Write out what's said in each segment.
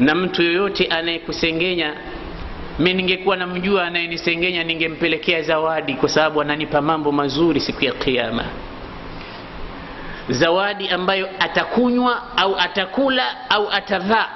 na mtu yoyote anayekusengenya mi ningekuwa namjua anayenisengenya ningempelekea zawadi kwa sababu ananipa mambo mazuri siku ya kiama zawadi ambayo atakunywa au atakula au atavaa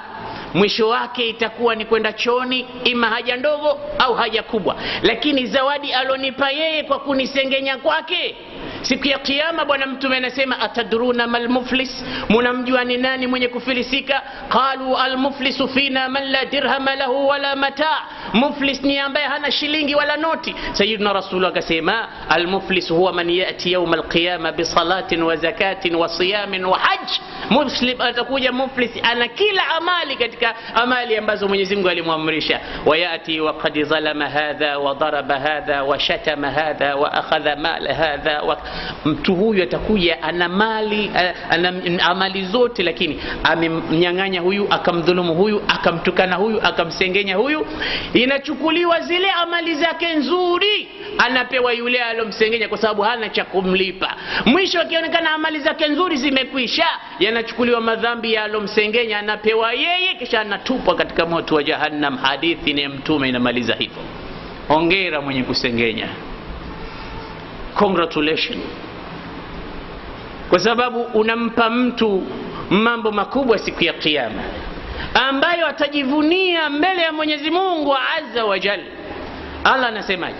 mwisho wake itakuwa ni kwenda chooni ima haja ndogo au haja kubwa lakini zawadi alonipa yeye kwa kunisengenya kwake siku ya kiyama bwana mtume anasema atadruna mal muflis mnamjua ni nani mwenye kufilisika qalu al almuflisu fina man la dirhama lahu wala mataa muflis ni ambaye hana shilingi wala noti sayyidina rasul akasema al muflis huwa man yati yawm al qiyama bi salatin wa zakatin wa siyamin wa hajj muslim atakuja muflis ana kila amali katika amali ambazo mwenyezi mungu alimwamrisha wayati qad zalama hadha wa daraba hadha wa shatama hadha wa akhadha mal hadha wa... mtu huyu atakuja ana mali ana amali zote lakini amemnyang'anya huyu akamdhulumu huyu akamtukana huyu akamsengenya huyu inachukuliwa zile amali zake nzuri anapewa yule alomsengenya kwa sababu hana cha kumlipa. Mwisho akionekana amali zake nzuri zimekwisha, yanachukuliwa madhambi ya alomsengenya, anapewa yeye, kisha anatupwa katika moto wa Jahannam. Hadithi ni Mtume inamaliza hivyo. Hongera mwenye kusengenya, congratulations, kwa sababu unampa mtu mambo makubwa siku ya Kiyama ambayo atajivunia mbele ya Mwenyezi Mungu azza wa jalla. Allah anasemaje?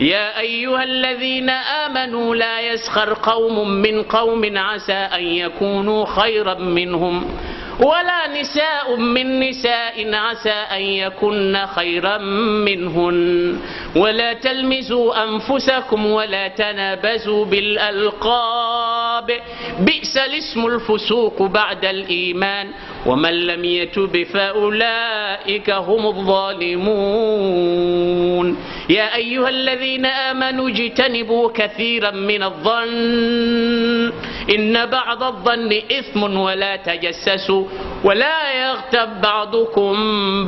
يا أيها الذين آمنوا لا يسخر قوم من قوم عسى أن يكونوا خيرا منهم ولا نساء من نساء عسى أن يكن خيرا منهن ولا تلمزوا أنفسكم ولا تنابزوا بالألقاب بئس الاسم الفسوق بعد الإيمان ومن لم يتب فأولئك هم الظالمون يا أيها الذين آمنوا اجتنبوا كثيرا من الظن إن بعض الظن إثم ولا تجسسوا ولا يغتب بعضكم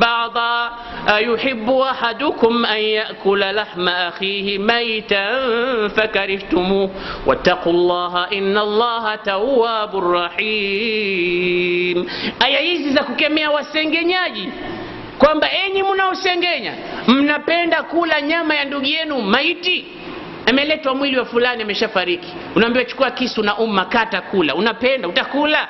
بعضا أيحب أحدكم أن يأكل لحم أخيه ميتا فكرهتموه واتقوا الله إن الله تواب رحيم aya hizi za kukemea wasengenyaji kwamba enyi mnaosengenya mnapenda kula nyama ya ndugu yenu maiti ameletwa mwili wa fulani ameshafariki unaambiwa chukua kisu na umma kata kula unapenda utakula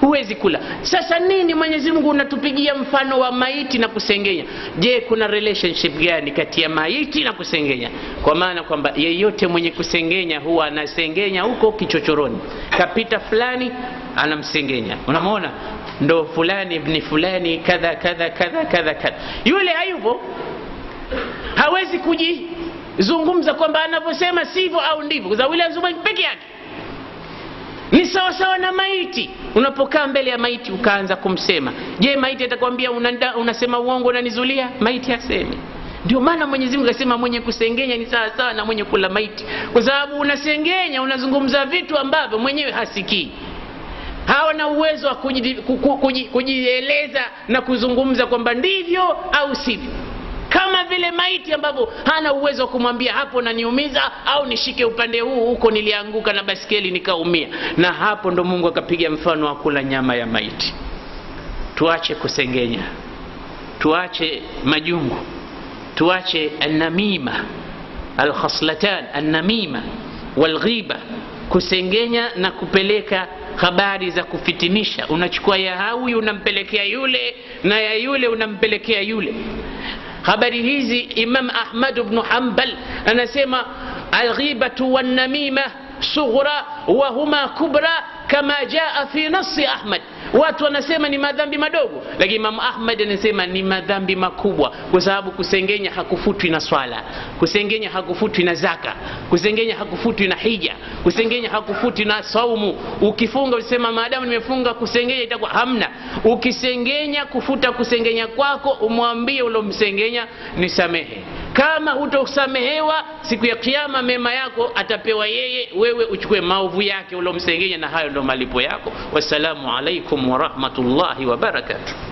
huwezi kula sasa nini mwenyezi mungu unatupigia mfano wa maiti na kusengenya je kuna relationship gani kati ya maiti na kusengenya kwa maana kwamba yeyote mwenye kusengenya huwa anasengenya huko kichochoroni kapita fulani anamsengenya unamwona ndo fulani ibni fulani kadha kadha kadha kadha kadha yule hayupo hawezi kujizungumza kwamba anavyosema sivyo au ndivyo kwa sababu yule azungumza peke yake ni sawa sawa na maiti unapokaa mbele ya maiti ukaanza kumsema je maiti atakwambia unasema uongo unanizulia maiti asemi ndio maana mwenyezi mungu akasema mwenye kusengenya ni sawa sawa na mwenye kula maiti kwa sababu unasengenya unazungumza vitu ambavyo mwenyewe hasikii hawana uwezo wa kujieleza na kuzungumza kwamba ndivyo au sivyo kama vile maiti ambavyo hana uwezo wa kumwambia hapo naniumiza au nishike upande huu huko nilianguka na baskeli nikaumia na hapo ndo mungu akapiga mfano wa kula nyama ya maiti tuache kusengenya tuache majungu tuache annamima alkhaslatan annamima walghiba kusengenya na kupeleka habari za kufitinisha unachukua ya hawi unampelekea yule na ya yule unampelekea yule habari hizi imam ahmad ibn hanbal anasema alghibatu wannamima sughra wa huma kubra kama jaa fi nasi ahmad watu wanasema ni madhambi madogo lakini imamu ahmad anasema ni madhambi makubwa kwa sababu kusengenya hakufutwi na swala kusengenya hakufutwi na zaka kusengenya hakufutwi na hija kusengenya hakufutwi na saumu ukifunga usema maadamu nimefunga kusengenya itakuwa hamna ukisengenya kufuta kusengenya kwako umwambie ulomsengenya nisamehe kama hutosamehewa siku ya kiama mema yako atapewa yeye wewe uchukue maovu yake uliomsengenya na hayo ndo malipo yako wassalamu alaikum warahmatullahi wabarakatuh